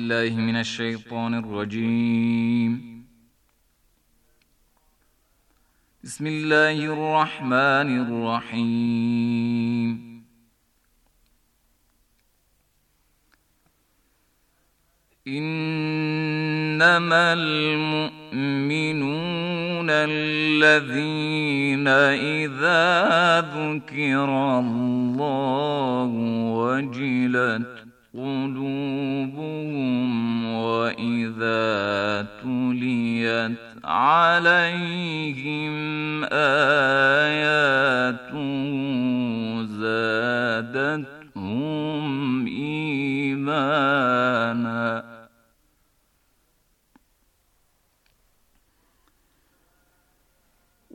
الله من الشيطان الرجيم بسم الله الرحمن الرحيم إنما المؤمنون الذين إذا ذكر الله وجلت قلوبهم واذا تليت عليهم اياته زادتهم ايمانا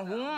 老公。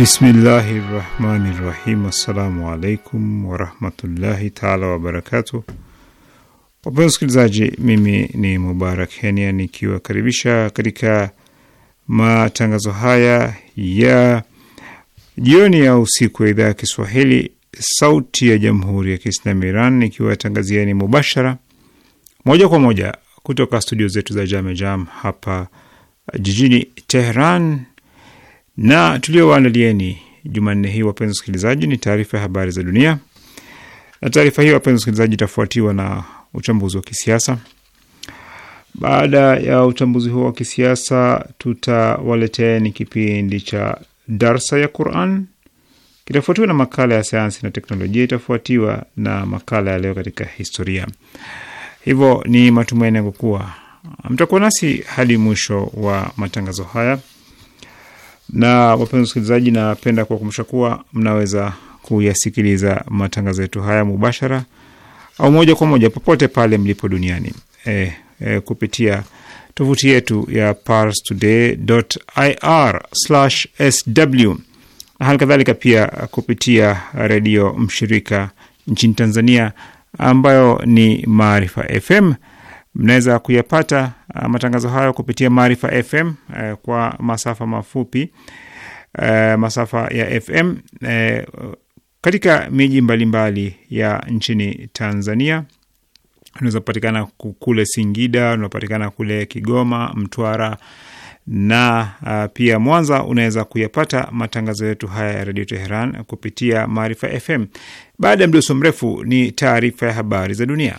Bismillahi rahmani rahim. Assalamu alaikum warahmatullahi taala wabarakatu. Wapenzi wasikilizaji, mimi ni Mubarak Henia nikiwakaribisha katika matangazo haya ya jioni ya usiku ya idhaa ya Kiswahili sauti ya jamhuri ya Kiislamu Iran nikiwatangazieni mubashara moja kwa moja kutoka studio zetu za Jamejam Jam hapa jijini Tehran na tuliowaandalieni Jumanne hii, wapenzi wasikilizaji, ni taarifa ya habari za dunia, na taarifa hii wapenzi wasikilizaji, itafuatiwa na uchambuzi wa kisiasa. Baada ya uchambuzi huo wa kisiasa, tutawaleteeni kipindi cha darsa ya Quran, kitafuatiwa na makala ya sayansi na teknolojia, itafuatiwa na makala ya leo katika historia. Hivyo ni matumaini yangu kuwa mtakuwa nasi hadi mwisho wa matangazo haya na wapenzi wasikilizaji, napenda kuwakumbusha kuwa mnaweza kuyasikiliza matangazo yetu haya mubashara au moja kwa moja popote pale mlipo duniani e, e, kupitia tovuti yetu ya parstoday.ir/sw na hali kadhalika pia kupitia redio mshirika nchini Tanzania ambayo ni Maarifa FM. Mnaweza kuyapata Uh, matangazo hayo kupitia Maarifa FM uh, kwa masafa mafupi uh, masafa ya FM uh, katika miji mbalimbali ya nchini Tanzania. Unaweza kupatikana kule Singida, unapatikana kule Kigoma, Mtwara na uh, pia Mwanza. Unaweza kuyapata matangazo yetu haya ya redio Teheran kupitia Maarifa FM. Baada ya mdoso mrefu, ni taarifa ya habari za dunia.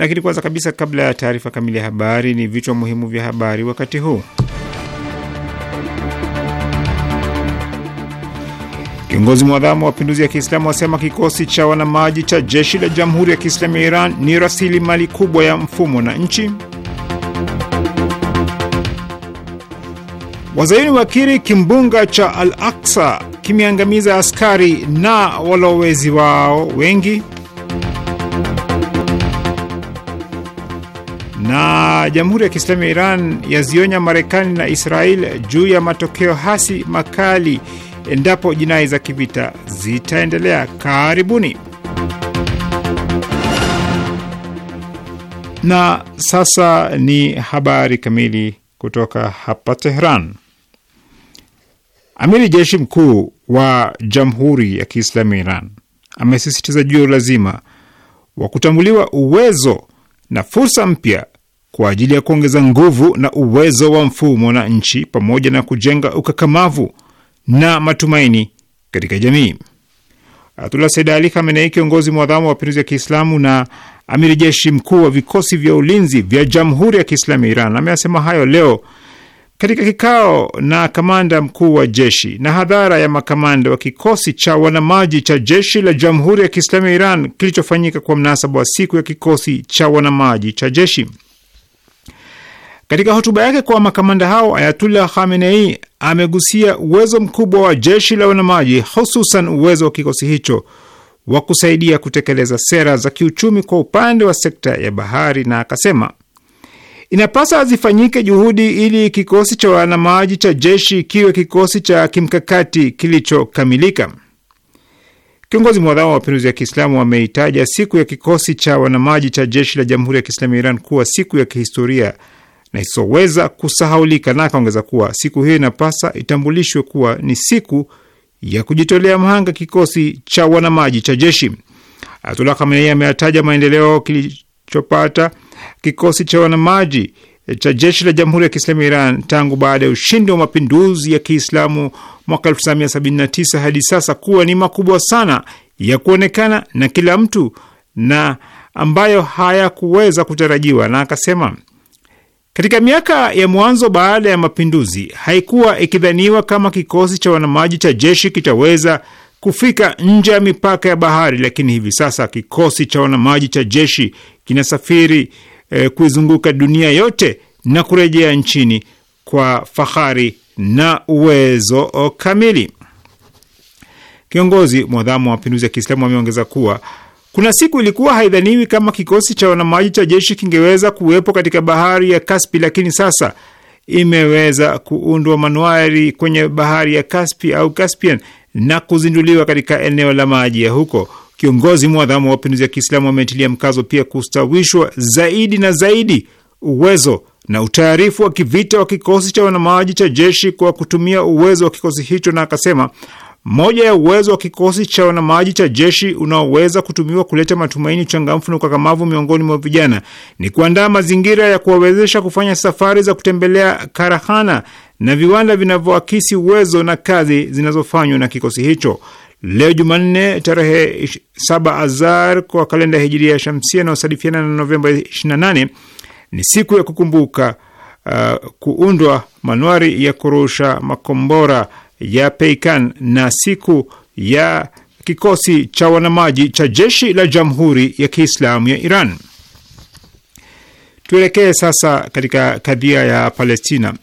Lakini kwanza kabisa, kabla ya taarifa kamili ya habari, ni vichwa muhimu vya habari wakati huu. Kiongozi mwadhamu wa mapinduzi ya Kiislamu wasema kikosi cha wanamaji cha jeshi la jamhuri ya Kiislamu ya Iran ni rasilimali kubwa ya mfumo na nchi. Wazayuni wakiri kimbunga cha Al Aksa kimeangamiza askari na walowezi wao wengi. na Jamhuri ya Kiislamu ya Iran yazionya Marekani na Israel juu ya matokeo hasi makali endapo jinai za kivita zitaendelea. Karibuni. Na sasa ni habari kamili kutoka hapa Tehran. Amiri jeshi mkuu wa Jamhuri ya Kiislamu ya Iran amesisitiza juu ya ulazima wa kutambuliwa uwezo na fursa mpya kwa ajili ya kuongeza nguvu na uwezo wa mfumo na nchi pamoja na kujenga ukakamavu na matumaini katika jamii. Ayatullah Sayyid Ali Khamenei, kiongozi mwadhamu wa mapinduzi ya Kiislamu na amiri jeshi mkuu wa vikosi vya ulinzi vya Jamhuri ya Kiislamu ya Iran, ameyasema hayo leo katika kikao na kamanda mkuu wa jeshi na hadhara ya makamanda wa kikosi cha wanamaji cha jeshi la Jamhuri ya Kiislamu ya Iran kilichofanyika kwa mnasaba wa siku ya kikosi cha wanamaji cha jeshi. Katika hotuba yake kwa makamanda hao, Ayatullah Khamenei amegusia uwezo mkubwa wa jeshi la wanamaji, hususan uwezo wa kikosi hicho wa kusaidia kutekeleza sera za kiuchumi kwa upande wa sekta ya bahari, na akasema inapasa zifanyike juhudi ili kikosi cha wanamaji cha jeshi kiwe kikosi cha kimkakati kilichokamilika. Kiongozi mwadhamu wa mapinduzi ya Kiislamu ameitaja siku ya kikosi cha wanamaji cha jeshi la jamhuri ya Kiislamu ya Iran kuwa siku ya kihistoria na isoweza kusahaulika, na akaongeza kuwa siku hiyo inapasa itambulishwe kuwa ni siku ya kujitolea mhanga kikosi cha wanamaji cha jeshi. Ayatullah Khamenei ameyataja maendeleo kilichopata kikosi cha wanamaji cha jeshi la Jamhuri ya Kiislamu ya Iran tangu baada ya ushindi wa mapinduzi ya Kiislamu mwaka 1979 hadi sasa kuwa ni makubwa sana ya kuonekana na kila mtu na ambayo hayakuweza kutarajiwa, na akasema katika miaka ya mwanzo baada ya mapinduzi, haikuwa ikidhaniwa kama kikosi cha wanamaji cha jeshi kitaweza kufika nje ya mipaka ya bahari, lakini hivi sasa kikosi cha wanamaji cha jeshi kinasafiri eh, kuizunguka dunia yote na kurejea nchini kwa fahari na uwezo oh, kamili. Kiongozi mwadhamu wa mapinduzi ya Kiislamu ameongeza kuwa kuna siku ilikuwa haidhaniwi kama kikosi cha wanamaji cha jeshi kingeweza kuwepo katika bahari ya Kaspi, lakini sasa imeweza kuundwa manuari kwenye bahari ya Kaspi au Caspian na kuzinduliwa katika eneo la maji ya huko. Kiongozi mwadhamu wa mapinduzi ya Kiislamu ametilia mkazo pia kustawishwa zaidi na zaidi uwezo na utayarifu wa kivita wa kikosi cha wanamaji cha jeshi kwa kutumia uwezo wa kikosi hicho, na akasema moja ya uwezo wa kikosi cha wanamaji cha jeshi unaoweza kutumiwa kuleta matumaini, uchangamfu na ukakamavu miongoni mwa vijana ni kuandaa mazingira ya kuwawezesha kufanya safari za kutembelea karahana na viwanda vinavyoakisi uwezo na kazi zinazofanywa na kikosi hicho. Leo Jumanne tarehe 7 Azar kwa kalenda hijiria ya shamsia inayosadifiana na Novemba 28 ni siku ya kukumbuka uh, kuundwa manuari ya kurusha makombora ya Peikan na siku ya kikosi cha wanamaji cha jeshi la Jamhuri ya Kiislamu ya Iran. Tuelekee sasa katika kadhia ya Palestina.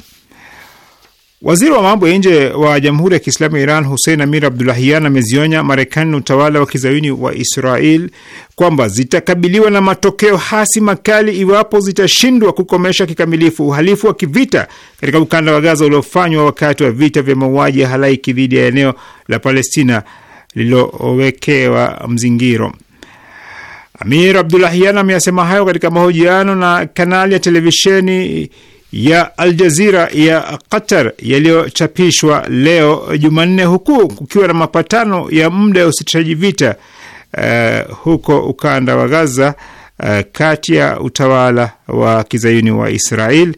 Waziri wa mambo ya nje wa Jamhuri ya Kiislamu ya Iran Hussein Amir Abdulahian amezionya Marekani na utawala wa kizayuni wa Israel kwamba zitakabiliwa na matokeo hasi makali iwapo zitashindwa kukomesha kikamilifu uhalifu wa kivita katika ukanda wa Gaza uliofanywa wakati wa vita vya mauaji ya halaiki dhidi ya eneo la Palestina lililowekewa mzingiro. Amir Abdulahian ameyasema hayo katika mahojiano na kanali ya televisheni ya Al ya Qatar yaliyochapishwa leo Jumanne, huku kukiwa na mapatano ya muda ya usitishaji vita uh, huko ukanda wa Gaza uh, kati ya utawala wa kizayuni wa Israel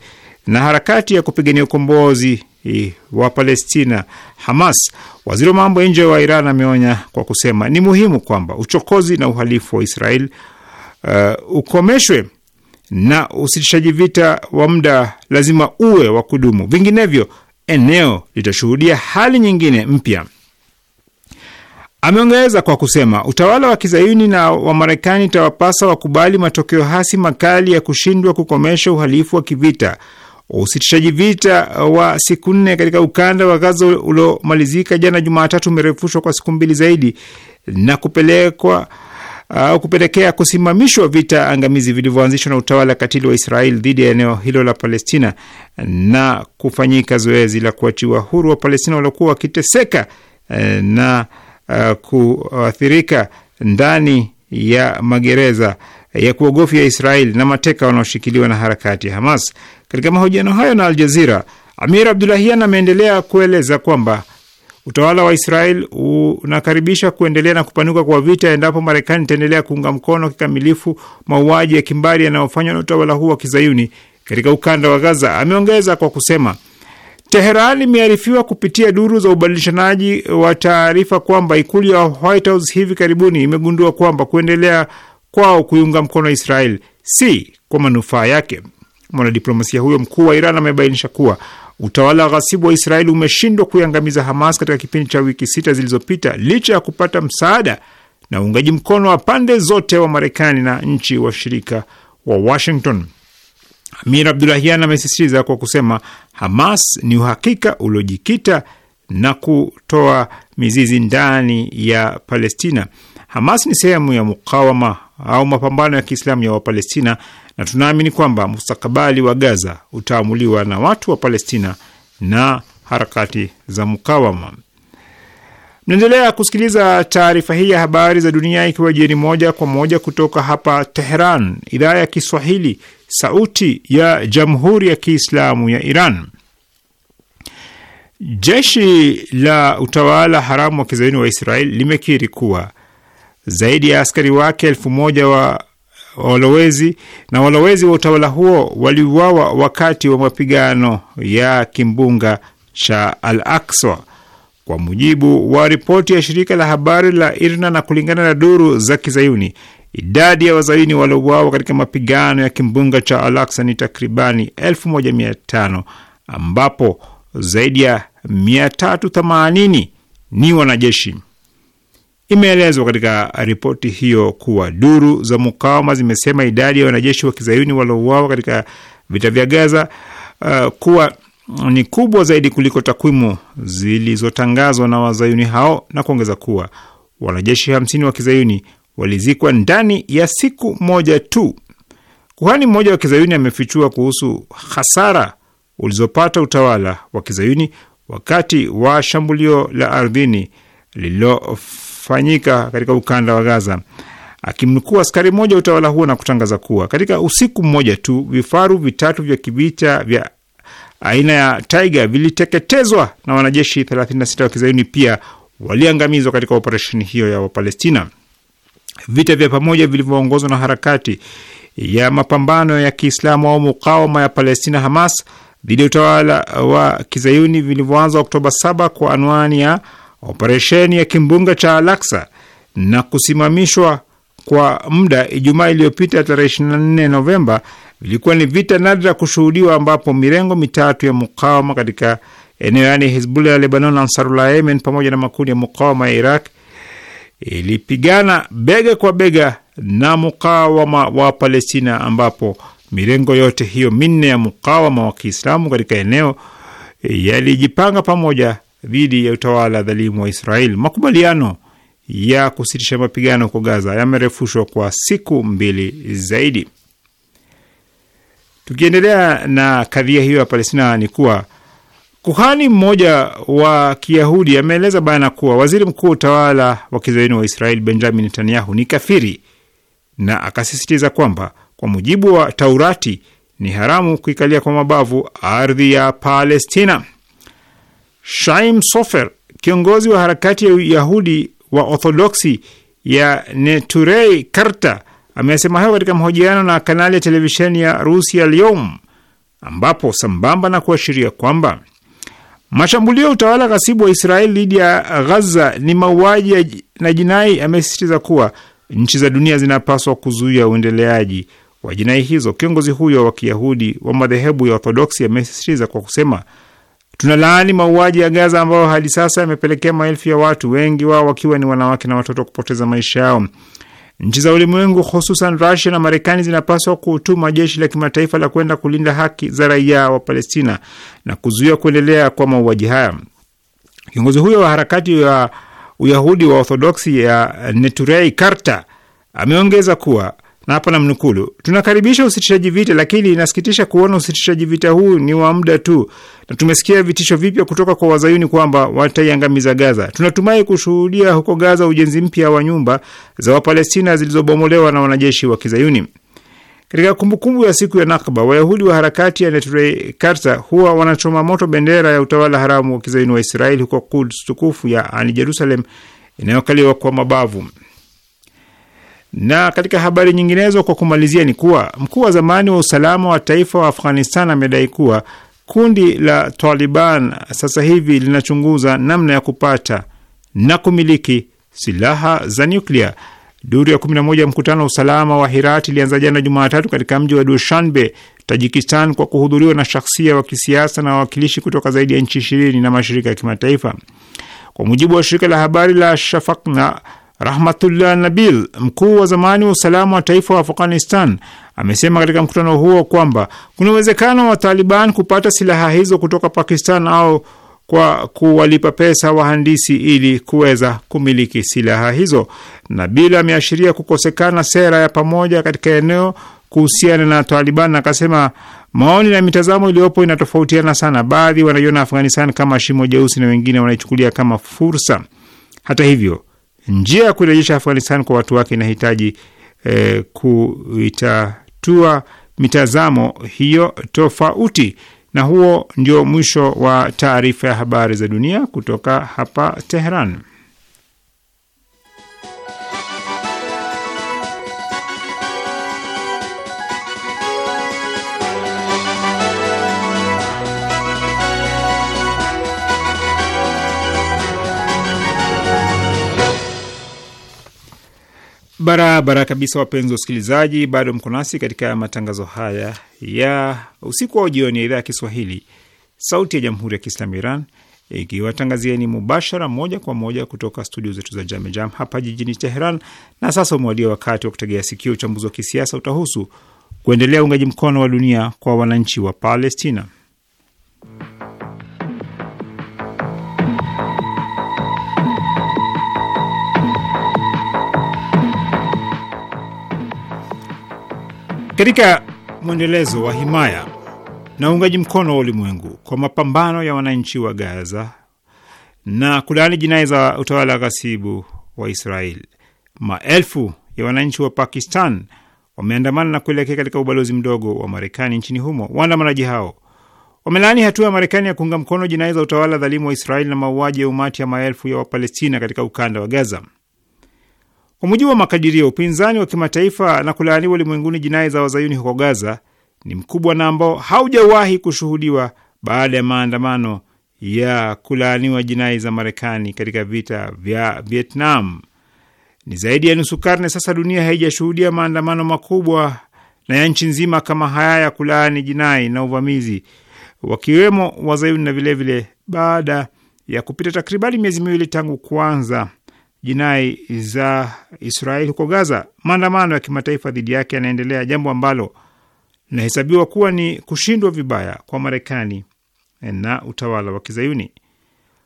na harakati ya kupigania ukombozi eh, wa Palestina Hamas. Waziri wa mambo ya nje wa Iran ameonya kwa kusema ni muhimu kwamba uchokozi na uhalifu wa Israel uh, ukomeshwe na usitishaji vita wa muda lazima uwe wa kudumu, vinginevyo eneo litashuhudia hali nyingine mpya. Ameongeza kwa kusema utawala wa kizayuni na wa Marekani itawapasa wakubali matokeo hasi makali ya kushindwa kukomesha uhalifu wa kivita. Usitishaji vita wa siku nne katika ukanda wa Gaza uliomalizika jana Jumatatu umerefushwa kwa siku mbili zaidi na kupelekwa uh, kupelekea kusimamishwa vita angamizi vilivyoanzishwa na utawala katili wa Israel dhidi ya eneo hilo la Palestina na kufanyika zoezi la kuachiwa huru wa Palestina waliokuwa wakiteseka uh, na uh, kuathirika ndani ya magereza ya kuogofya Israel na mateka wanaoshikiliwa na harakati ya Hamas. Katika mahojiano hayo na Al Jazeera, Amir Abdulahian ameendelea kueleza kwamba Utawala wa Israel unakaribisha kuendelea na kupanuka kwa vita endapo Marekani itaendelea kuunga mkono kikamilifu mauaji ya kimbari yanayofanywa na utawala huu wa kizayuni katika ukanda wa Gaza. Ameongeza kwa kusema Teheran imearifiwa kupitia duru za ubadilishanaji wa taarifa kwamba ikulu ya White House hivi karibuni imegundua kwamba kuendelea kwao kuiunga mkono Israel si kwa manufaa yake. Mwanadiplomasia huyo mkuu wa Iran amebainisha kuwa Utawala ghasibu wa Israeli umeshindwa kuiangamiza Hamas katika kipindi cha wiki sita zilizopita licha ya kupata msaada na uungaji mkono wa pande zote wa Marekani na nchi washirika wa Washington. Amir Abdulahian amesisitiza kwa kusema Hamas ni uhakika uliojikita na kutoa mizizi ndani ya Palestina. Hamas ni sehemu ya mukawama au mapambano ya Kiislamu ya Wapalestina, na tunaamini kwamba mustakabali wa Gaza utaamuliwa na watu wa Palestina na harakati za mukawama. Mnaendelea kusikiliza taarifa hii ya habari za dunia ikiwa jioni moja kwa moja kutoka hapa Teheran, idhaa ya Kiswahili, sauti ya jamhuri ya Kiislamu ya Iran. Jeshi la utawala haramu wa kizayuni wa Israel limekiri kuwa zaidi ya askari wake elfu moja wa walowezi na walowezi wa utawala huo waliuawa wakati wa mapigano ya kimbunga cha Al-Aqsa kwa mujibu wa ripoti ya shirika la habari la IRNA na kulingana na duru za Kizayuni, idadi ya wazayuni waliouawa katika mapigano ya kimbunga cha Al-Aqsa ni takribani 1500 ambapo zaidi ya 380 ni wanajeshi. Imeelezwa katika ripoti hiyo kuwa duru za mukawama zimesema idadi ya wanajeshi wa kizayuni waliouawa katika vita vya Gaza uh, kuwa ni kubwa zaidi kuliko takwimu zilizotangazwa na wazayuni hao na kuongeza kuwa wanajeshi hamsini wa kizayuni walizikwa ndani ya siku moja tu. Kuhani mmoja wa kizayuni amefichua kuhusu hasara ulizopata utawala wa kizayuni wakati wa shambulio la ardhini lililo kufanyika katika ukanda wa Gaza, akimnukuu askari mmoja wa utawala huo na kutangaza kuwa katika usiku mmoja tu vifaru vitatu vya kivita vya aina ya Tiger viliteketezwa na wanajeshi 36 wa kizayuni pia waliangamizwa katika operesheni hiyo ya Wapalestina. Vita vya pamoja vilivyoongozwa na harakati ya mapambano ya Kiislamu au mukawama ya Palestina, Hamas, dhidi ya utawala wa kizayuni vilivyoanza Oktoba 7 kwa anwani ya operesheni ya kimbunga cha Alaksa na kusimamishwa kwa muda Ijumaa iliyopita tarehe 24 Novemba vilikuwa ni vita nadra kushuhudiwa ambapo mirengo mitatu ya mukawama katika eneo yani Hizbullah ya Lebanon, Ansarullah Yemen pamoja na makundi ya mukawama ya Iraq ilipigana bega kwa bega na mukawama wa Palestina, ambapo mirengo yote hiyo minne ya mukawama wa Kiislamu katika eneo yalijipanga pamoja dhidi ya utawala dhalimu wa Israeli. Makubaliano ya kusitisha mapigano huko Gaza yamerefushwa kwa siku mbili zaidi. Tukiendelea na kadhia hiyo ya Palestina, ni kuwa kuhani mmoja wa Kiyahudi ameeleza bayana kuwa waziri mkuu wa utawala wa kizayuni wa Israeli Benjamin Netanyahu ni kafiri, na akasisitiza kwamba kwa mujibu wa Taurati ni haramu kuikalia kwa mabavu ardhi ya Palestina. Shaim Sofer, kiongozi wa harakati ya Uyahudi wa Orthodoksi ya Neturei Karta, amesema hayo katika mahojiano na kanali ya televisheni ya Rusia Lyom, ambapo sambamba na kuashiria kwamba mashambulio ya utawala ghasibu wa Israeli dhidi ya Ghaza ni mauaji na jinai, amesisitiza kuwa nchi za dunia zinapaswa kuzuia uendeleaji wa jinai hizo. Kiongozi huyo wa Kiyahudi wa madhehebu ya Orthodoksi amesisitiza kwa kusema Tunalaani mauaji ya Gaza ambayo hadi sasa yamepelekea maelfu ya watu, wengi wao wakiwa ni wanawake na watoto, kupoteza maisha yao. Nchi za ulimwengu hususan Rusia na Marekani zinapaswa kutuma jeshi la kimataifa la kwenda kulinda haki za raia wa Palestina na kuzuia kuendelea kwa mauaji haya. Kiongozi huyo wa harakati ya Uyahudi wa Orthodoksi ya Neturei Karta ameongeza kuwa na hapa namnukulu, tunakaribisha usitishaji vita, lakini inasikitisha kuona usitishaji vita huu ni wa muda tu, na tumesikia vitisho vipya kutoka kwa wazayuni kwamba wataiangamiza Gaza. Tunatumai kushuhudia huko Gaza ujenzi mpya wa nyumba za Wapalestina zilizobomolewa na wanajeshi wa kizayuni. Katika kumbukumbu ya siku ya Nakba, Wayahudi wa harakati ya Neturei Karta huwa wanachoma moto bendera ya utawala haramu wa kizayuni wa Israeli huko Kuds tukufu, ani Jerusalem inayokaliwa kwa mabavu. Na katika habari nyinginezo, kwa kumalizia, ni kuwa mkuu wa zamani wa usalama wa taifa wa Afghanistan amedai kuwa kundi la Taliban sasa hivi linachunguza namna ya kupata na kumiliki silaha za nyuklia. Duru ya 11 mkutano wa usalama wa Hirat ilianza jana Jumatatu katika mji wa Dushanbe, Tajikistan, kwa kuhudhuriwa na shahsia wa kisiasa na wawakilishi kutoka zaidi ya nchi ishirini na mashirika ya kimataifa. Kwa mujibu wa shirika la habari la Shafakna, Rahmatullah Nabil, mkuu wa zamani wa usalama wa taifa wa Afghanistan, amesema katika mkutano huo kwamba kuna uwezekano wa Taliban kupata silaha hizo kutoka Pakistan au kwa kuwalipa pesa wahandisi ili kuweza kumiliki silaha hizo. Nabil ameashiria kukosekana sera ya pamoja katika eneo kuhusiana na Taliban, akasema maoni na mitazamo iliyopo inatofautiana sana. Baadhi wanaiona Afghanistan kama shimo jeusi na wengine wanaichukulia kama fursa. Hata hivyo njia ya kuirejesha Afghanistan kwa watu wake inahitaji eh, kuitatua mitazamo hiyo tofauti. Na huo ndio mwisho wa taarifa ya habari za dunia kutoka hapa Tehran. Barabara kabisa, wapenzi wa usikilizaji bado mko nasi katika matangazo haya ya usiku wa jioni ya idhaa ya Kiswahili, Sauti ya Jamhuri ya Kiislamu Iran ikiwatangazieni mubashara moja kwa moja kutoka studio zetu za Jamejam hapa jijini Teheran. Na sasa umewadia wakati wa kutegea sikio. Uchambuzi wa kisiasa utahusu kuendelea uungaji mkono wa dunia kwa wananchi wa Palestina. Katika mwendelezo wa himaya na uungaji mkono wa ulimwengu kwa mapambano ya wananchi wa Gaza na kulaani jinai za utawala ghasibu wa Israel, maelfu ya wananchi wa Pakistan wameandamana na kuelekea katika ubalozi mdogo wa Marekani nchini humo. Waandamanaji hao wamelaani hatua ya Marekani ya kuunga mkono jinai za utawala dhalimu wa Israeli na mauaji ya umati ya maelfu ya Wapalestina katika ukanda wa Gaza. Kwa mujibu wa makadirio, upinzani wa kimataifa na kulaaniwa ulimwenguni jinai za wazayuni huko Gaza ni mkubwa na ambao haujawahi kushuhudiwa baada ya maandamano ya kulaaniwa jinai za Marekani katika vita vya Vietnam. Ni zaidi ya nusu karne sasa dunia haijashuhudia maandamano makubwa na ya nchi nzima kama haya ya kulaani jinai na uvamizi wakiwemo wazayuni na vilevile, baada ya kupita takribani miezi miwili tangu kuanza jinai za Israeli huko Gaza. Maandamano ya kimataifa dhidi yake yanaendelea, jambo ambalo linahesabiwa kuwa ni kushindwa vibaya kwa Marekani na utawala wa Kizayuni.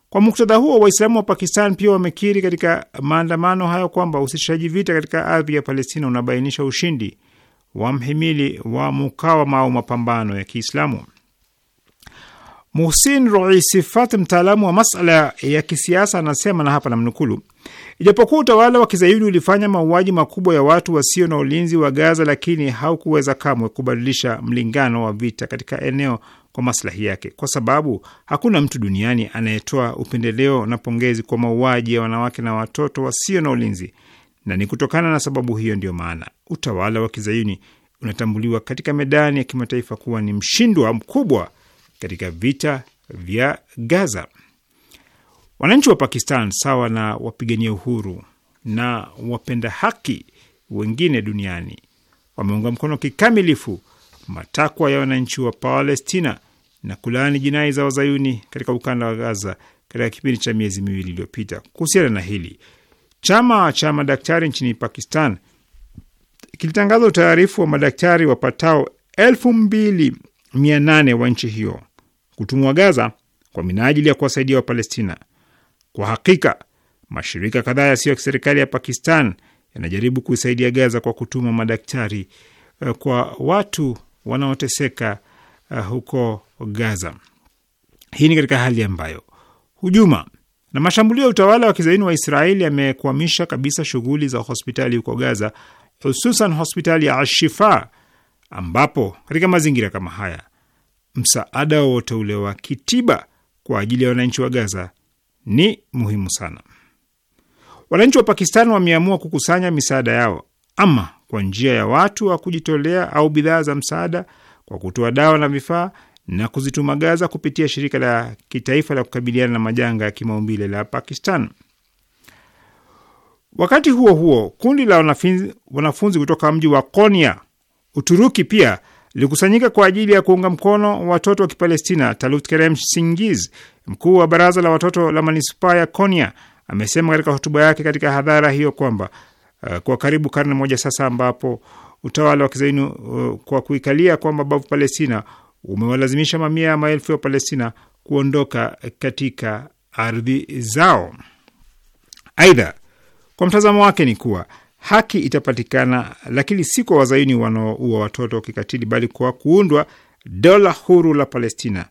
Kwa muktadha huo, Waislamu wa Pakistan pia wamekiri katika maandamano hayo kwamba usitishaji vita katika ardhi ya Palestina unabainisha ushindi wa mhimili wa mukawama au mapambano ya Kiislamu. Muhsin roisifat mtaalamu wa masala ya kisiasa, anasema na hapa namnukulu: Ijapokuwa utawala wa kizayuni ulifanya mauaji makubwa ya watu wasio na ulinzi wa Gaza, lakini haukuweza kamwe kubadilisha mlingano wa vita katika eneo kwa maslahi yake, kwa sababu hakuna mtu duniani anayetoa upendeleo na pongezi kwa mauaji ya wanawake na watoto wasio na ulinzi. Na ni kutokana na sababu hiyo ndiyo maana utawala wa kizayuni unatambuliwa katika medani ya kimataifa kuwa ni mshindwa mkubwa katika vita vya Gaza. Wananchi wa Pakistan sawa na wapigania uhuru na wapenda haki wengine duniani wameunga mkono kikamilifu matakwa ya wananchi wa Palestina na kulaani jinai za wazayuni katika ukanda wa Gaza katika kipindi cha miezi miwili iliyopita. Kuhusiana na hili, chama cha madaktari nchini Pakistan kilitangaza utaarifu wa madaktari wapatao elfu wa nchi hiyo kutumwa Gaza kwa minajili ya kuwasaidia Wapalestina. Kwa hakika mashirika kadhaa yasiyo ya kiserikali ya Pakistan yanajaribu kuisaidia Gaza kwa kutuma madaktari eh, kwa watu wanaoteseka eh, huko Gaza. Hii ni katika hali ambayo hujuma na mashambulio ya utawala wa kizaini wa Israeli yamekwamisha kabisa shughuli za hospitali huko Gaza, hususan hospitali ya Ashifa, ambapo katika mazingira kama haya msaada wowote ule wa kitiba kwa ajili ya wananchi wa Gaza ni muhimu sana. Wananchi wa Pakistan wameamua kukusanya misaada yao ama kwa njia ya watu wa kujitolea au bidhaa za msaada, kwa kutoa dawa na vifaa na kuzituma Gaza kupitia shirika la kitaifa la kukabiliana na majanga ya kimaumbile la Pakistan. Wakati huo huo, kundi la wanafunzi kutoka mji wa Konya, Uturuki, pia likusanyika kwa ajili ya kuunga mkono watoto wa Kipalestina. Talut Kerem Singiz, Mkuu wa baraza la watoto la manispaa ya Konya amesema katika hotuba yake katika hadhara hiyo kwamba uh, kwa karibu karne moja sasa ambapo utawala wa kizaini uh, kwa kuikalia kwa mabavu Palestina umewalazimisha mamia ya maelfu ya Palestina kuondoka katika ardhi zao. Aidha, kwa mtazamo wake ni kuwa haki itapatikana, lakini si kwa wazaini wanaoua watoto kikatili, bali kwa kuundwa dola huru la Palestina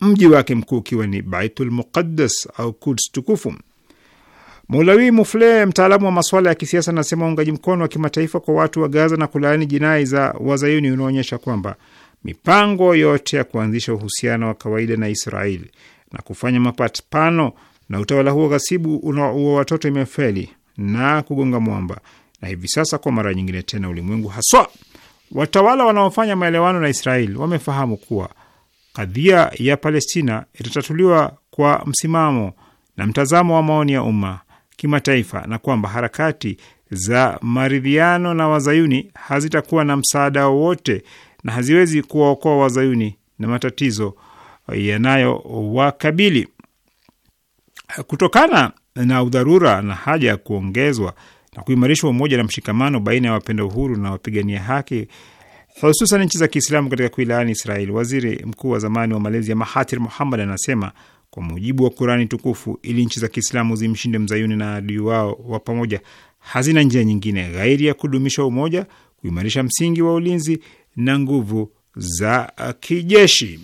mji wake mkuu ukiwa ni Baitul Muqaddas au Kuds tukufu. Mulawi Mufle, mtaalamu wa masuala ya kisiasa, anasema uungaji mkono wa kimataifa kwa watu wa Gaza na kulaani jinai za wazayuni unaonyesha kwamba mipango yote ya kuanzisha uhusiano wa kawaida na Israel na kufanya mapatano na utawala huo ghasibu unaoua watoto imefeli na kugonga mwamba, na hivi sasa kwa mara nyingine tena ulimwengu, haswa watawala wanaofanya maelewano na Israel, wamefahamu kuwa kadhia ya Palestina itatatuliwa kwa msimamo na mtazamo wa maoni ya umma kimataifa na kwamba harakati za maridhiano na wazayuni hazitakuwa na msaada wowote na haziwezi kuwaokoa wazayuni na matatizo yanayowakabili. Kutokana na udharura na haja ya kuongezwa na kuimarishwa umoja na mshikamano baina ya wapenda uhuru na wapigania haki hususan nchi za Kiislamu katika kuilaani Israeli. Waziri mkuu wa zamani wa Malaysia Mahathir Muhammad anasema kwa mujibu wa Kurani tukufu, ili nchi za Kiislamu zimshinde mzayuni na adui wao wa pamoja, hazina njia nyingine ghairi ya kudumisha umoja, kuimarisha msingi wa ulinzi na nguvu za kijeshi.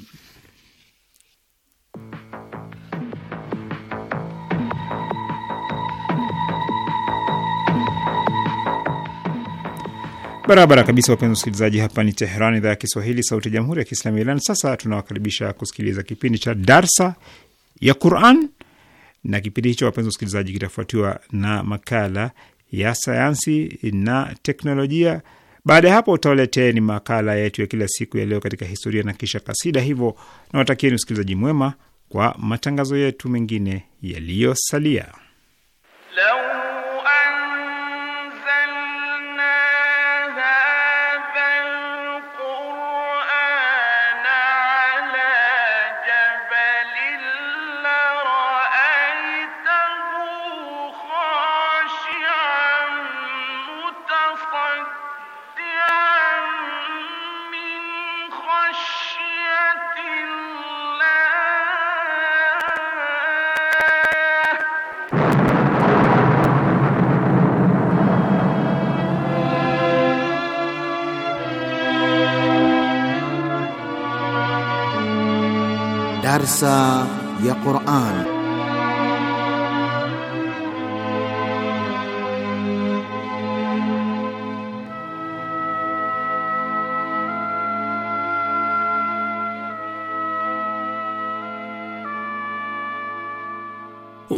Barabara kabisa, wapenzi wasikilizaji, hapa ni Teheran, idhaa ya Kiswahili, sauti ya jamhuri ya kiislamu ya Iran. Sasa tunawakaribisha kusikiliza kipindi cha darsa ya Quran, na kipindi hicho wapenzi wasikilizaji, kitafuatiwa na makala ya sayansi na teknolojia. Baada ya hapo, ni makala yetu ya kila siku ya leo katika historia na kisha kasida. Hivyo nawatakieni usikilizaji mwema kwa matangazo yetu mengine yaliyosalia.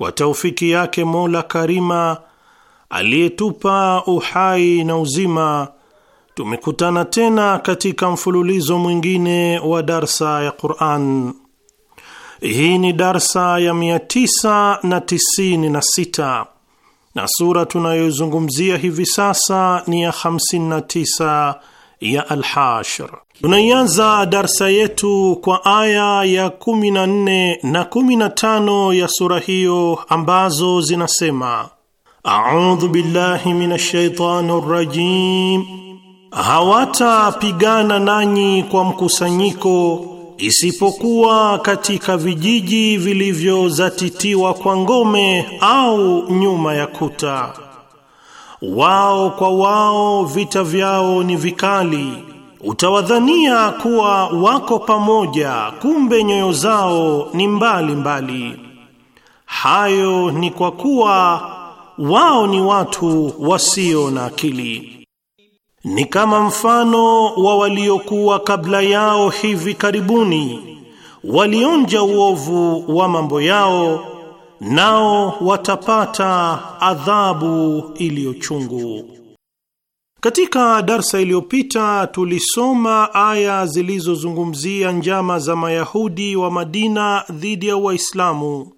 kwa taufiki yake Mola Karima aliyetupa uhai na uzima, tumekutana tena katika mfululizo mwingine wa darsa ya Qur'an. Hii ni darsa ya 996 na sura tunayozungumzia hivi sasa ni ya 59 ya Alhashr. Tunaianza darsa yetu kwa aya ya 14 na 15 ya sura hiyo ambazo zinasema: audhu billahi minash rajim, hawatapigana nanyi kwa mkusanyiko isipokuwa katika vijiji vilivyozatitiwa kwa ngome au nyuma ya kuta wao kwa wao vita vyao ni vikali. Utawadhania kuwa wako pamoja, kumbe nyoyo zao ni mbali mbali. Hayo ni kwa kuwa wao ni watu wasio na akili. Ni kama mfano wa waliokuwa kabla yao hivi karibuni, walionja uovu wa mambo yao nao watapata adhabu chungu. Katika darsa iliyopita tulisoma aya zilizozungumzia njama za Mayahudi wa Madina dhidi ya Waislamu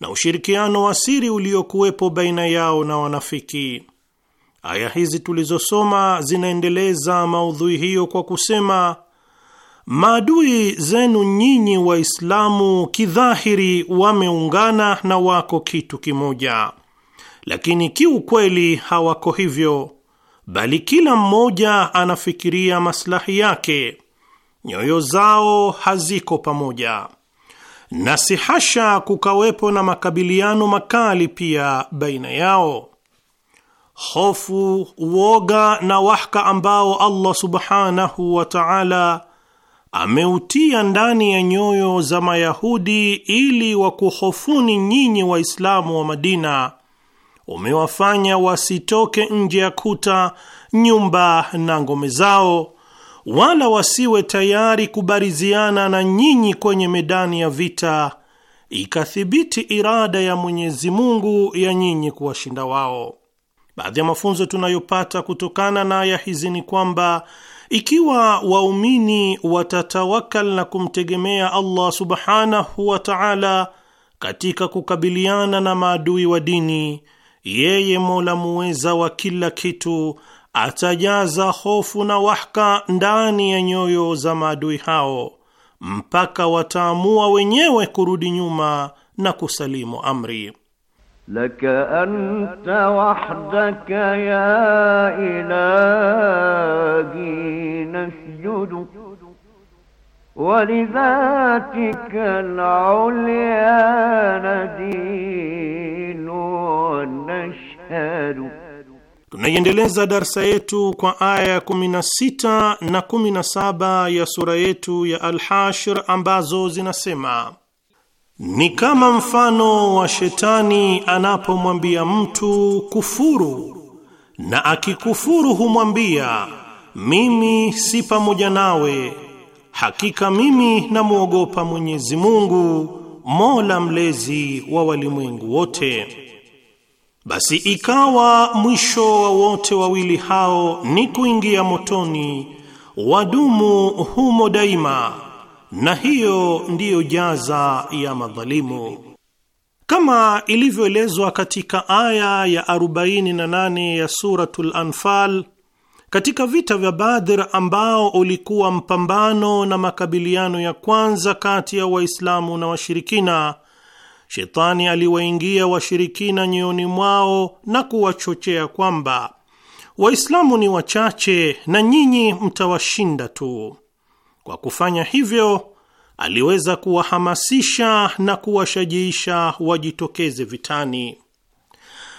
na ushirikiano wa siri uliokuwepo baina yao na wanafiki. Aya hizi tulizosoma zinaendeleza maudhui hiyo kwa kusema Maadui zenu nyinyi Waislamu kidhahiri wameungana na wako kitu kimoja, lakini kiukweli hawako hivyo, bali kila mmoja anafikiria maslahi yake. Nyoyo zao haziko pamoja, na si hasha kukawepo na makabiliano makali pia baina yao. Hofu, uoga na wahka ambao Allah subhanahu wa ta'ala ameutia ndani ya nyoyo za Mayahudi ili wakuhofuni nyinyi Waislamu wa Madina, umewafanya wasitoke nje ya kuta nyumba na ngome zao, wala wasiwe tayari kubariziana na nyinyi kwenye medani ya vita, ikathibiti irada ya Mwenyezi Mungu ya nyinyi kuwashinda wao. Baadhi ya mafunzo tunayopata kutokana na aya hizi ni kwamba ikiwa waumini watatawakal na kumtegemea Allah subhanahu wa ta'ala katika kukabiliana na maadui wa dini, yeye Mola muweza wa kila kitu atajaza hofu na wahka ndani ya nyoyo za maadui hao mpaka wataamua wenyewe kurudi nyuma na kusalimu amri. لك أنت وحدك يا إلهي نسجد ولذاتك العليا ندين ونشهد Tunaiendeleza darsa yetu kwa aya ya 16 na 17 ya sura yetu ya Al-Hashr ambazo zinasema ni kama mfano wa shetani anapomwambia mtu kufuru, na akikufuru humwambia mimi si pamoja nawe, hakika mimi namwogopa Mwenyezi Mungu, Mola mlezi wa walimwengu wote. Basi ikawa mwisho wa wote wawili hao ni kuingia motoni, wadumu humo daima na hiyo ndiyo jaza ya madhalimu, kama ilivyoelezwa katika aya ya 48 ya Suratul Anfal katika vita vya Badr, ambao ulikuwa mpambano na makabiliano ya kwanza kati ya Waislamu na washirikina. Shetani aliwaingia washirikina nyoyoni mwao na kuwachochea kwamba Waislamu ni wachache na nyinyi mtawashinda tu kwa kufanya hivyo, aliweza kuwahamasisha na kuwashajiisha wajitokeze vitani,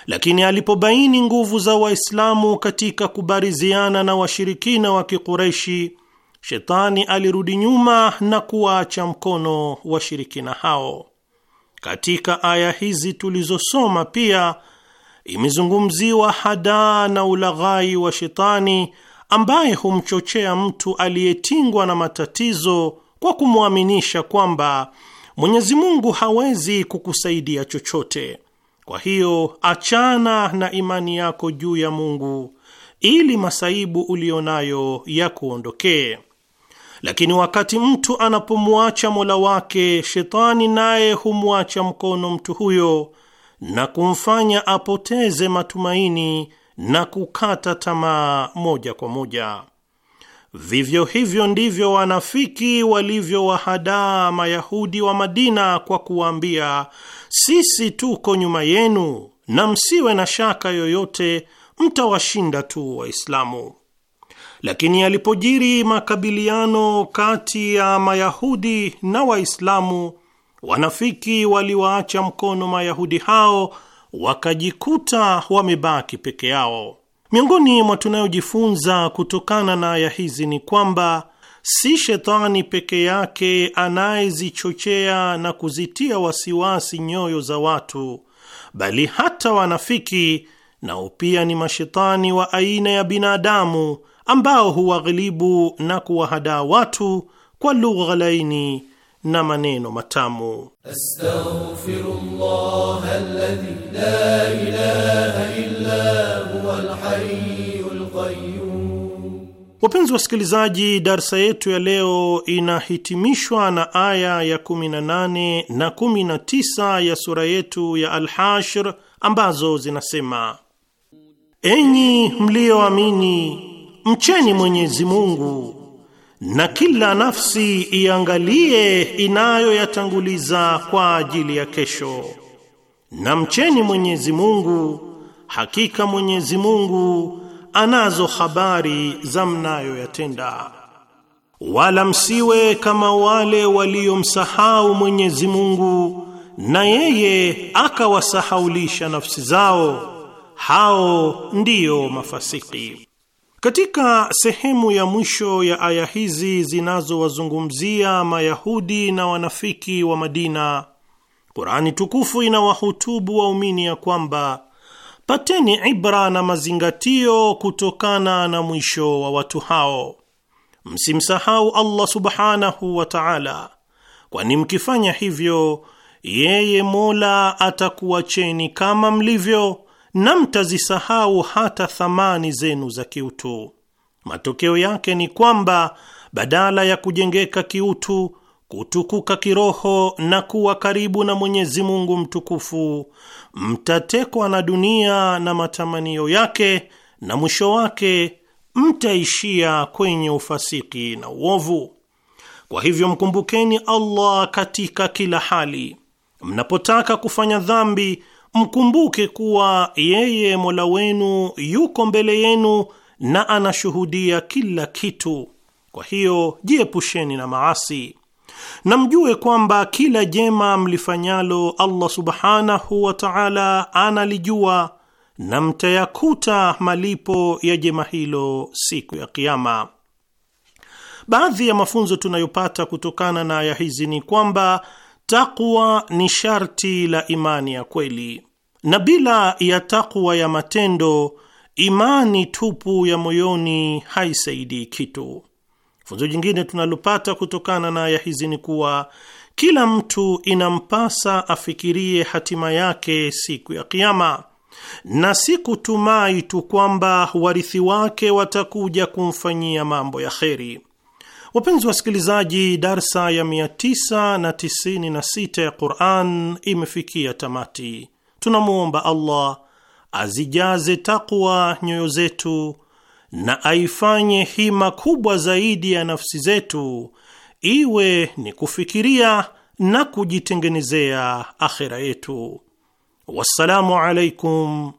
lakini alipobaini nguvu za Waislamu katika kubariziana na washirikina wa Kikureshi, Shetani alirudi nyuma na kuwaacha mkono washirikina hao. Katika aya hizi tulizosoma pia imezungumziwa hadaa na ulaghai wa shetani ambaye humchochea mtu aliyetingwa na matatizo kwa kumwaminisha kwamba Mwenyezi Mungu hawezi kukusaidia chochote. Kwa hiyo achana na imani yako juu ya Mungu ili masaibu uliyo nayo yakuondokee. Lakini wakati mtu anapomwacha Mola wake, shetani naye humwacha mkono mtu huyo na kumfanya apoteze matumaini na kukata tamaa moja kwa moja. Vivyo hivyo ndivyo wanafiki walivyowahadaa Mayahudi wa Madina kwa kuwaambia, sisi tuko nyuma yenu na msiwe na shaka yoyote, mtawashinda tu Waislamu. Lakini alipojiri makabiliano kati ya Mayahudi na Waislamu, wanafiki waliwaacha mkono Mayahudi hao wakajikuta wamebaki peke yao. Miongoni mwa tunayojifunza kutokana na aya hizi ni kwamba si shetani peke yake anayezichochea na kuzitia wasiwasi nyoyo za watu, bali hata wanafiki nao pia ni mashetani wa aina ya binadamu ambao huwaghilibu na kuwahadaa watu kwa lugha laini na maneno matamu. Wapenzi wasikilizaji, darsa yetu ya leo inahitimishwa na aya ya 18 na 19 ya sura yetu ya Alhashr ambazo zinasema: enyi mliyoamini, mcheni Mwenyezi Mungu na kila nafsi iangalie inayoyatanguliza kwa ajili ya kesho, na mcheni Mwenyezi Mungu, hakika Mwenyezi Mungu anazo habari za mnayoyatenda. Wala msiwe kama wale waliomsahau Mwenyezi Mungu na yeye akawasahaulisha nafsi zao, hao ndiyo mafasiki. Katika sehemu ya mwisho ya aya hizi zinazowazungumzia Mayahudi na wanafiki wa Madina, Kurani tukufu ina wahutubu waumini ya kwamba pateni ibra na mazingatio kutokana na mwisho wa watu hao. Msimsahau Allah subhanahu wa taala, kwani mkifanya hivyo, yeye Mola atakuwacheni kama mlivyo na mtazisahau hata thamani zenu za kiutu. Matokeo yake ni kwamba badala ya kujengeka kiutu, kutukuka kiroho na kuwa karibu na Mwenyezi Mungu mtukufu, mtatekwa na dunia na matamanio yake, na mwisho wake mtaishia kwenye ufasiki na uovu. Kwa hivyo mkumbukeni Allah katika kila hali. Mnapotaka kufanya dhambi Mkumbuke kuwa yeye Mola wenu yuko mbele yenu na anashuhudia kila kitu. Kwa hiyo jiepusheni na maasi na mjue kwamba kila jema mlifanyalo Allah subhanahu wa ta'ala analijua na mtayakuta malipo ya jema hilo siku ya Kiyama. Baadhi ya mafunzo tunayopata kutokana na aya hizi ni kwamba takwa ni sharti la imani ya kweli na bila ya takwa ya matendo imani tupu ya moyoni haisaidii kitu. Funzo jingine tunalopata kutokana na aya hizi ni kuwa kila mtu inampasa afikirie hatima yake siku ya Kiama na si kutumai tu kwamba warithi wake watakuja kumfanyia mambo ya kheri. Wapenzi wasikilizaji, darsa ya 996 ya Quran imefikia tamati tunamwomba Allah azijaze takwa nyoyo zetu na aifanye hima kubwa zaidi ya nafsi zetu iwe ni kufikiria na kujitengenezea akhera yetu. Wassalamu alaikum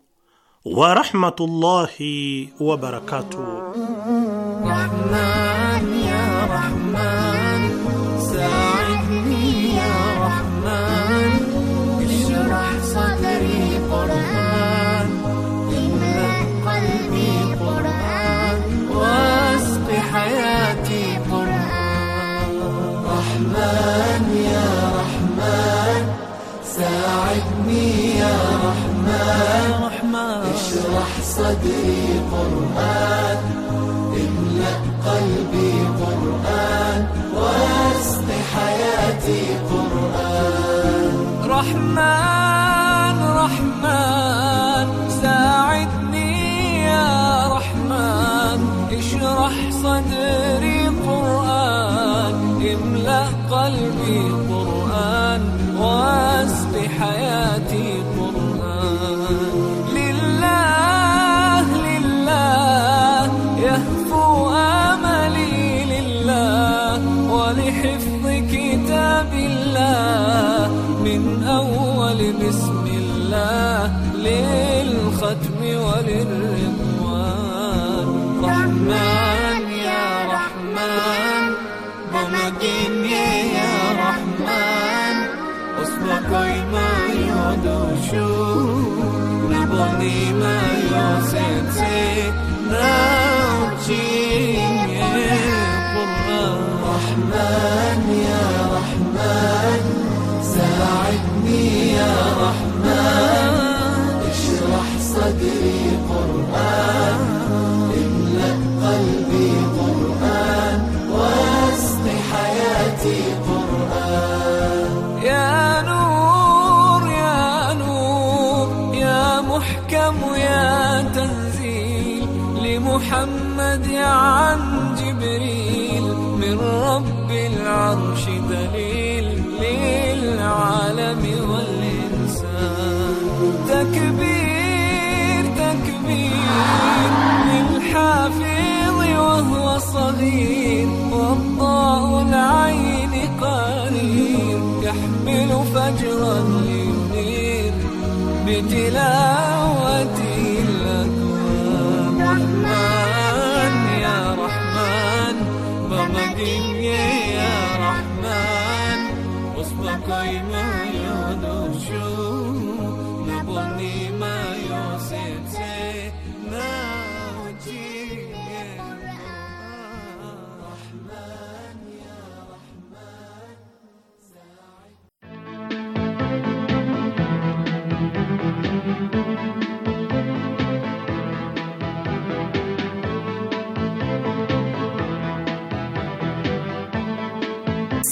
warahmatullahi wabarakatuh. صدري قرآن املأ قلبي قرآن واسق حياتي قرآن رحمن رحمن ساعدني يا رحمن اشرح صدري قرآن املأ قلبي My yo sensei, na. سلام يا تنزيل لمحمد عن جبريل من رب العرش دليل للعالم والإنسان تكبير تكبير للحافظ وهو صغير وضاء العين قرير يحمل فجرا لينير بتلاوة الدنيا يا رحمن وصفك يمين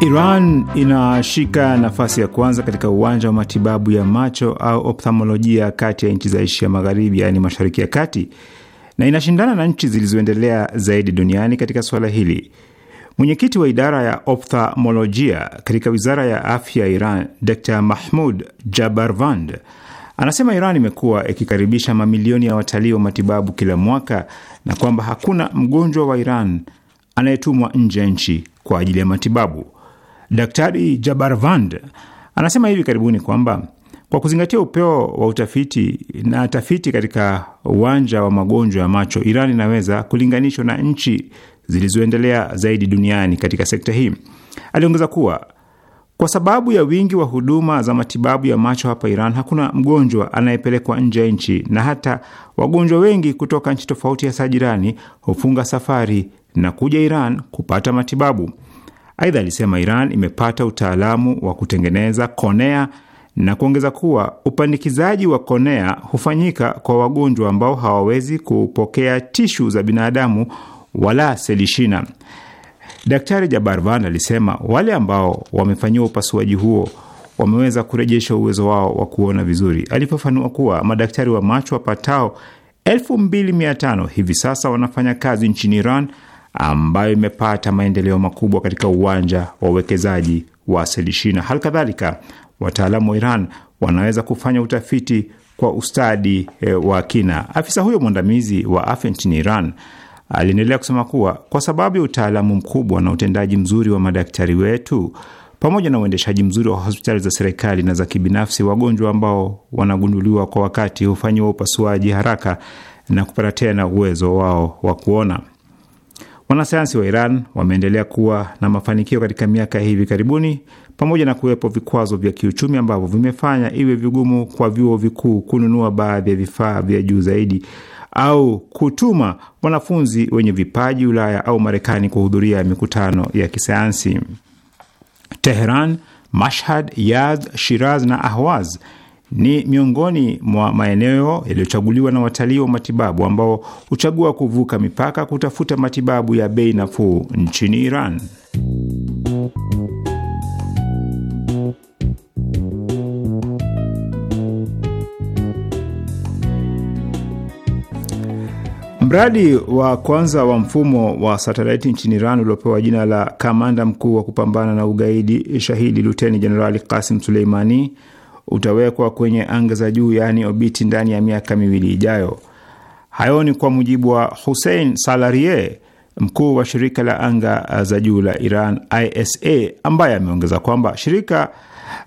Iran inashika nafasi ya kwanza katika uwanja wa matibabu ya macho au ophthalmolojia kati ya nchi za Asia Magharibi, yaani Mashariki ya Kati, na inashindana na nchi zilizoendelea zaidi duniani katika suala hili. Mwenyekiti wa idara ya ophthalmolojia katika wizara ya afya ya Iran, Dr Mahmud Jabarvand, anasema Iran imekuwa ikikaribisha mamilioni ya watalii wa matibabu kila mwaka na kwamba hakuna mgonjwa wa Iran anayetumwa nje ya nchi kwa ajili ya matibabu. Daktari Jabarvand anasema hivi karibuni kwamba kwa kuzingatia upeo wa utafiti na tafiti katika uwanja wa magonjwa ya macho, Iran inaweza kulinganishwa na nchi zilizoendelea zaidi duniani katika sekta hii. Aliongeza kuwa kwa sababu ya wingi wa huduma za matibabu ya macho hapa Iran, hakuna mgonjwa anayepelekwa nje ya nchi, na hata wagonjwa wengi kutoka nchi tofauti, saa jirani, hufunga safari na kuja Iran kupata matibabu. Aidha alisema Iran imepata utaalamu wa kutengeneza konea na kuongeza kuwa upandikizaji wa konea hufanyika kwa wagonjwa ambao hawawezi kupokea tishu za binadamu wala selishina. Daktari Jabarvan alisema wale ambao wamefanyiwa upasuaji huo wameweza kurejesha uwezo wao wa kuona vizuri. Alifafanua kuwa madaktari wa macho wapatao 2500 hivi sasa wanafanya kazi nchini Iran ambayo imepata maendeleo makubwa katika uwanja wa uwekezaji wa selishina. Hali kadhalika, wataalamu wa Iran wanaweza kufanya utafiti kwa ustadi e, wa kina. Afisa huyo mwandamizi wa afya nchini Iran aliendelea kusema kuwa kwa sababu ya utaalamu mkubwa na utendaji mzuri wa madaktari wetu pamoja na uendeshaji mzuri wa hospitali za serikali na za kibinafsi, wagonjwa ambao wanagunduliwa kwa wakati hufanyiwa upasuaji haraka na kupata tena uwezo wao wa kuona. Wanasayansi wa Iran wameendelea kuwa na mafanikio katika miaka hivi karibuni, pamoja na kuwepo vikwazo vya kiuchumi ambavyo vimefanya iwe vigumu kwa vyuo vikuu kununua baadhi ya vifaa vya juu zaidi au kutuma wanafunzi wenye vipaji Ulaya au Marekani kuhudhuria mikutano ya kisayansi. Teheran, Mashhad, Yaz, Shiraz na Ahwaz ni miongoni mwa maeneo yaliyochaguliwa na watalii wa matibabu ambao huchagua kuvuka mipaka kutafuta matibabu ya bei nafuu nchini Iran. Mradi wa kwanza wa mfumo wa satelaiti nchini Iran uliopewa jina la kamanda mkuu wa kupambana na ugaidi, shahidi luteni jenerali Kasim Suleimani utawekwa kwenye anga za juu, yaani obiti, ndani ya miaka miwili ijayo. Hayo ni kwa mujibu wa Hussein Salarie, mkuu wa shirika la anga za juu la Iran ISA, ambaye ameongeza kwamba shirika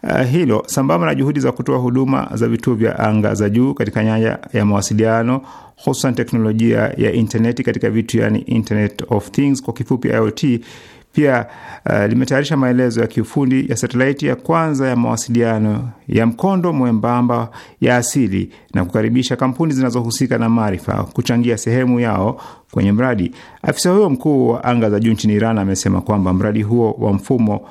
uh, hilo sambamba na juhudi za kutoa huduma za vituo vya anga za juu katika nyanja ya mawasiliano, hususan teknolojia ya intaneti katika vitu, yani Internet of Things, kwa kifupi IoT pia uh, limetayarisha maelezo ya kiufundi ya satelaiti ya kwanza ya mawasiliano ya mkondo mwembamba ya asili na kukaribisha kampuni zinazohusika na maarifa kuchangia sehemu yao kwenye mradi. Afisa huyo mkuu wa anga za juu nchini Iran amesema kwamba mradi huo wa mfumo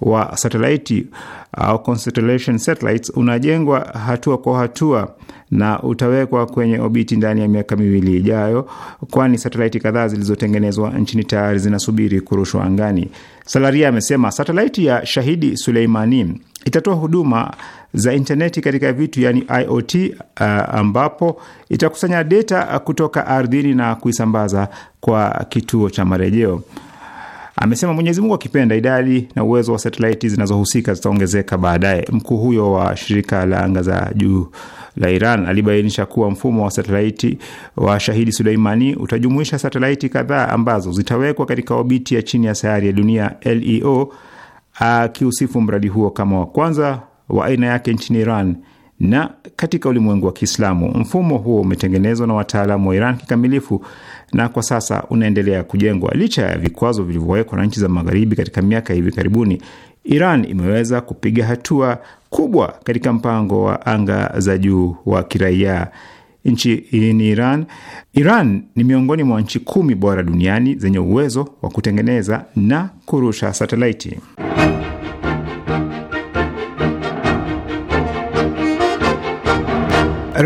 wa satelaiti au uh, constellation satellites unajengwa hatua kwa hatua na utawekwa kwenye obiti ndani ya miaka miwili ijayo, kwani satelaiti kadhaa zilizotengenezwa nchini tayari zinasubiri kurushwa angani. Salaria amesema satelaiti ya Shahidi Suleimani itatoa huduma za intaneti katika vitu yani IoT, uh, ambapo itakusanya data kutoka ardhini na kuisambaza kwa kituo cha marejeo. Amesema Mwenyezi Mungu akipenda, idadi na uwezo wa satelaiti zinazohusika zitaongezeka baadaye. Mkuu huyo wa shirika la anga za juu la Iran alibainisha kuwa mfumo wa satelaiti wa Shahidi Suleimani utajumuisha satelaiti kadhaa ambazo zitawekwa katika obiti ya chini ya sayari ya dunia leo, akiusifu mradi huo kama wa kwanza wa aina yake nchini Iran na katika ulimwengu wa Kiislamu. Mfumo huo umetengenezwa na wataalamu wa Iran kikamilifu na kwa sasa unaendelea kujengwa. Licha ya vikwazo vilivyowekwa na nchi za Magharibi katika miaka hivi karibuni, Iran imeweza kupiga hatua kubwa katika mpango wa anga za juu wa kiraia nchi ni Iran. Iran ni miongoni mwa nchi kumi bora duniani zenye uwezo wa kutengeneza na kurusha satelaiti.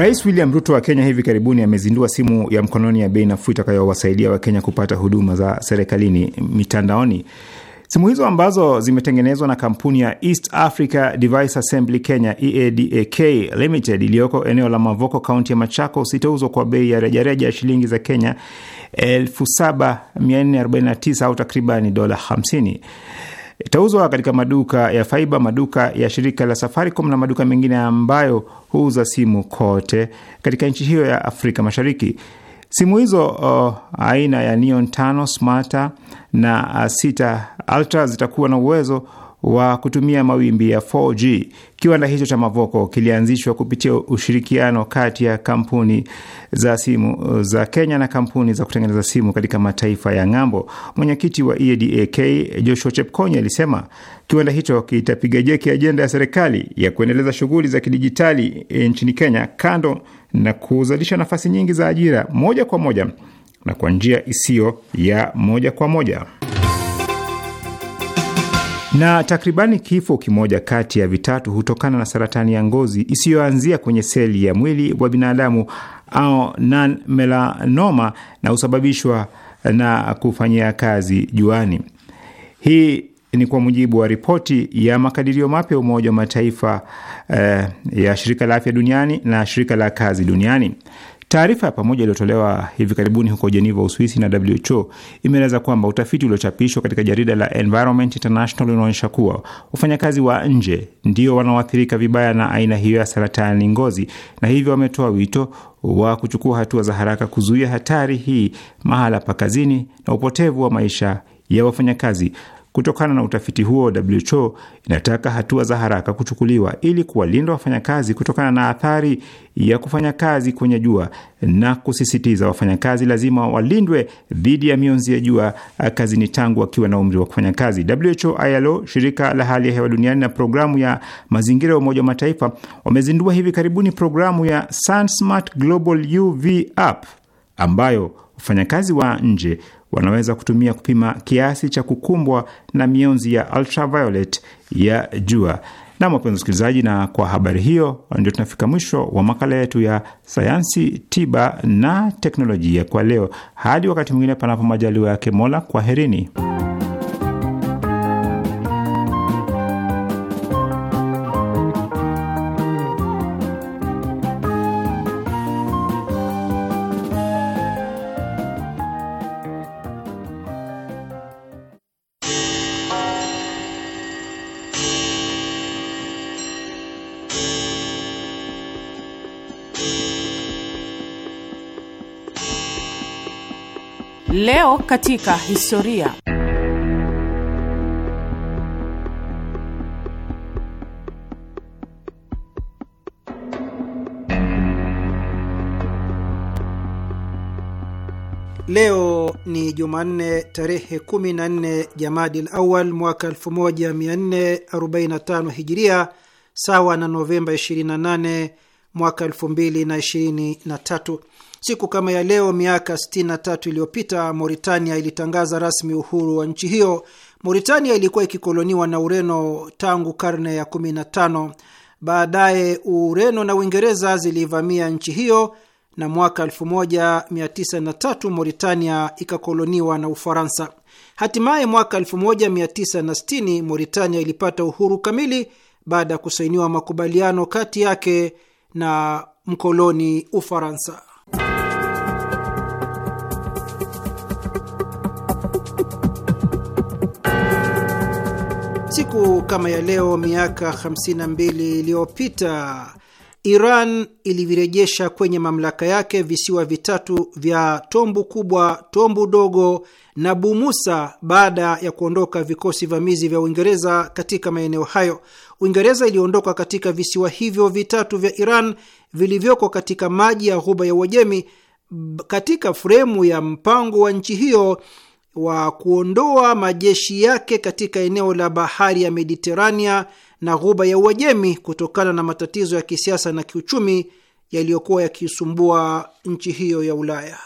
Rais William Ruto wa Kenya hivi karibuni amezindua simu ya mkononi ya bei nafuu itakayowasaidia Wakenya kupata huduma za serikalini mitandaoni. Simu hizo ambazo zimetengenezwa na kampuni ya East Africa Device Assembly Kenya EADAK Limited iliyoko eneo la Mavoko, kaunti ya Machakos zitauzwa kwa bei ya rejareja ya shilingi za Kenya 7449 au takribani dola 50. Itauzwa katika maduka ya Faiba, maduka ya shirika la Safaricom na maduka mengine ambayo huuza simu kote katika nchi hiyo ya Afrika Mashariki. Simu hizo uh, aina ya Neon tano, Smarta na uh, sita Ultra zitakuwa na uwezo wa kutumia mawimbi ya 4G. Kiwanda hicho cha Mavoko kilianzishwa kupitia ushirikiano kati ya kampuni za simu za Kenya na kampuni za kutengeneza simu katika mataifa ya ng'ambo. Mwenyekiti wa EADAK Joshua Chepkonya alisema kiwanda hicho kitapiga jeki ajenda ya serikali ya kuendeleza shughuli za kidijitali eh, nchini Kenya, kando na kuzalisha nafasi nyingi za ajira moja kwa moja na kwa njia isiyo ya moja kwa moja na takribani kifo kimoja kati ya vitatu hutokana na saratani ya ngozi isiyoanzia kwenye seli ya mwili wa binadamu au non-melanoma na husababishwa na kufanyia kazi juani. Hii ni kwa mujibu wa ripoti ya makadirio mapya ya Umoja wa Mataifa eh, ya Shirika la Afya Duniani na Shirika la Kazi Duniani. Taarifa ya pamoja iliyotolewa hivi karibuni huko Jeneva, Uswisi na WHO imeeleza kwamba utafiti uliochapishwa katika jarida la Environment International unaonyesha kuwa wafanyakazi wa nje ndio wanaoathirika vibaya na aina hiyo ya saratani ngozi, na hivyo wametoa wito wa kuchukua hatua za haraka kuzuia hatari hii mahala pa kazini na upotevu wa maisha ya wafanyakazi. Kutokana na utafiti huo, WHO inataka hatua za haraka kuchukuliwa ili kuwalinda wafanyakazi kutokana na athari ya kufanya kazi kwenye jua na kusisitiza wafanyakazi lazima walindwe dhidi ya mionzi ya jua kazini tangu wakiwa na umri wa kufanya kazi. WHO, ILO, shirika la hali ya hewa duniani na programu ya mazingira ya Umoja wa Mataifa wamezindua hivi karibuni programu ya SunSmart Global UV App ambayo wafanyakazi wa nje wanaweza kutumia kupima kiasi cha kukumbwa na mionzi ya ultraviolet ya jua. Na wapenzi wasikilizaji, na kwa habari hiyo ndio tunafika mwisho wa makala yetu ya sayansi, tiba na teknolojia kwa leo. Hadi wakati mwingine, panapo majaliwa yake Mola, kwaherini. Leo katika historia. Leo ni Jumanne tarehe 14 Jamadil Awal mwaka 1445 Hijiria, sawa na Novemba 28 mwaka 2023. Siku kama ya leo miaka 63 iliyopita Mauritania ilitangaza rasmi uhuru wa nchi hiyo. Mauritania ilikuwa ikikoloniwa na Ureno tangu karne ya 15. Baadaye Ureno na Uingereza zilivamia nchi hiyo na mwaka 1903 Mauritania ikakoloniwa na Ufaransa. Hatimaye mwaka 1960 Mauritania ilipata uhuru kamili baada ya kusainiwa makubaliano kati yake na mkoloni Ufaransa. Siku kama ya leo miaka 52 iliyopita Iran ilivirejesha kwenye mamlaka yake visiwa vitatu vya Tombu Kubwa, Tombu Dogo na Bumusa baada ya kuondoka vikosi vamizi vya Uingereza katika maeneo hayo. Uingereza iliondoka katika visiwa hivyo vitatu vya Iran vilivyoko katika maji ya Ghuba ya Uajemi katika fremu ya mpango wa nchi hiyo wa kuondoa majeshi yake katika eneo la bahari ya Mediterania na ghuba ya Uajemi kutokana na matatizo ya kisiasa na kiuchumi yaliyokuwa yakisumbua nchi hiyo ya Ulaya.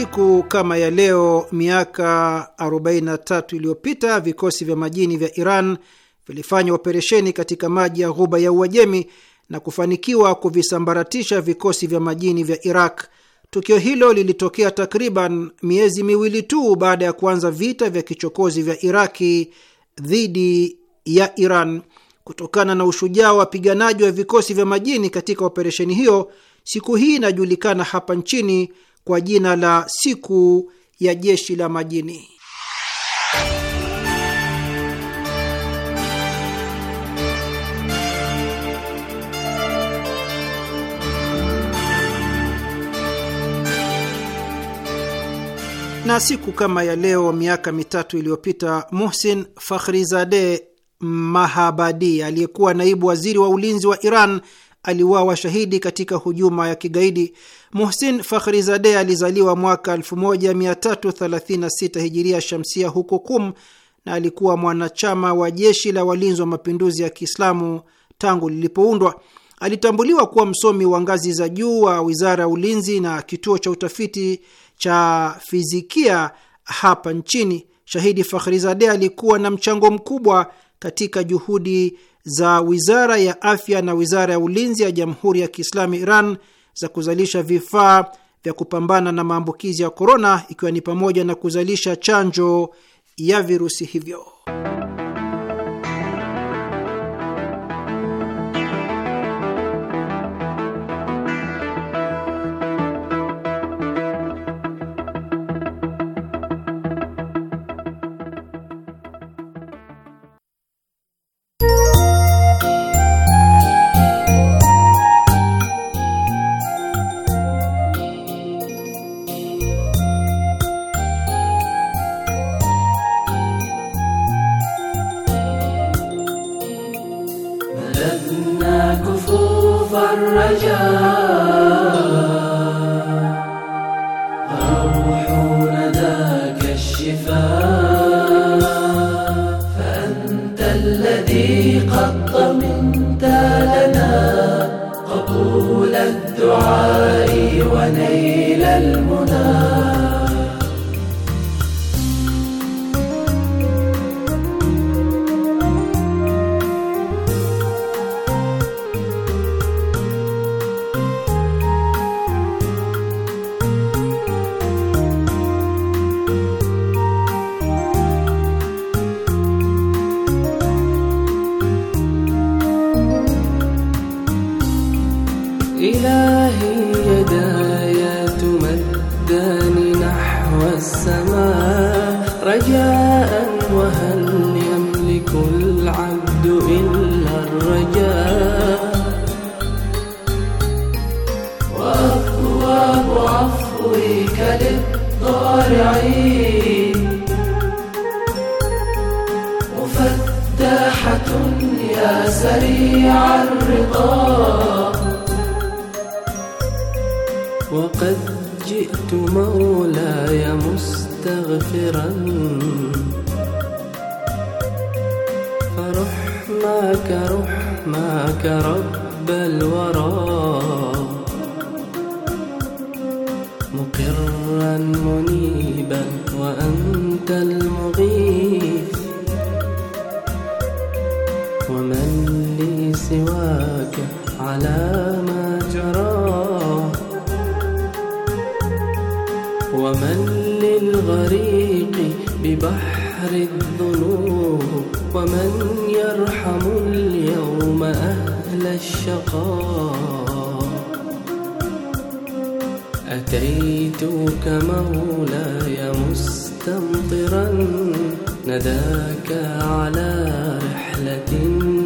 siku kama ya leo miaka 43 iliyopita vikosi vya majini vya Iran vilifanya operesheni katika maji ya ghuba ya Uajemi na kufanikiwa kuvisambaratisha vikosi vya majini vya Iraq. Tukio hilo lilitokea takriban miezi miwili tu baada ya kuanza vita vya kichokozi vya Iraki dhidi ya Iran. Kutokana na ushujaa wa wapiganaji wa vikosi vya majini katika operesheni hiyo, siku hii inajulikana hapa nchini kwa jina la siku ya jeshi la majini. Na siku kama ya leo miaka mitatu iliyopita Muhsin Fakhrizadeh Mahabadi aliyekuwa naibu waziri wa ulinzi wa Iran aliuawa shahidi katika hujuma ya kigaidi. Muhsin zade alizaliwa mwaka 1336 hijiria shamsia huko Kum na alikuwa mwanachama wa jeshi la walinzi wa mapinduzi ya Kiislamu tangu lilipoundwa. Alitambuliwa kuwa msomi wa ngazi za juu wa wizara ya ulinzi na kituo cha utafiti cha fizikia hapa nchini. Shahidi zade alikuwa na mchango mkubwa katika juhudi za wizara ya afya na wizara ya ulinzi ya Jamhuri ya Kiislamu Iran za kuzalisha vifaa vya kupambana na maambukizi ya korona, ikiwa ni pamoja na kuzalisha chanjo ya virusi hivyo. مساحة يا سريع الرضا وقد جئت مولاي مستغفرا فرحماك رحماك رب الورى مقرا منيبا وأنت المغيب على ما جرى ومن للغريق ببحر الذنوب ومن يرحم اليوم أهل الشقاء أتيتك مولاي مستمطرا نداك على رحلة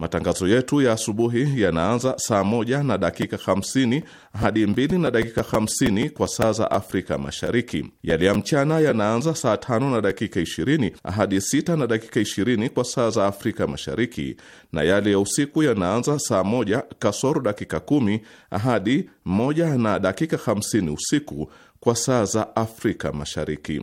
Matangazo yetu ya asubuhi yanaanza saa moja na dakika 50 hadi 2 na dakika 50 kwa saa za Afrika Mashariki. Yale ya mchana yanaanza saa tano na dakika ishirini hadi sita na dakika ishirini kwa saa za Afrika Mashariki, na yale ya usiku yanaanza saa moja kasoro dakika kumi hadi moja na dakika 50 usiku kwa saa za Afrika Mashariki.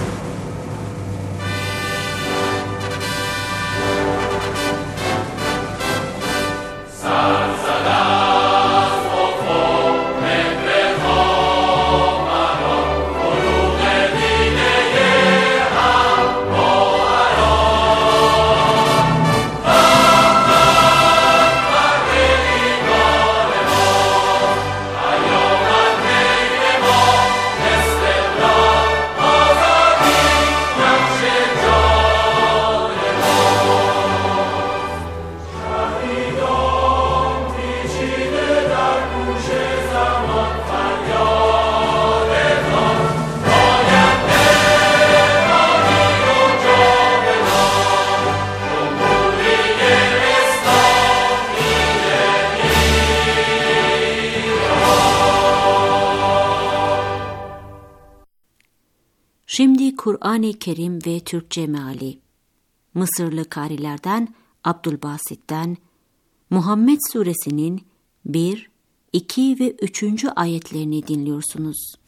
Kur'an-ı Kerim ve Türkçe meali. Mısırlı karilerden Abdülbasit'ten Muhammed Suresinin 1, 2 ve 3. ayetlerini dinliyorsunuz.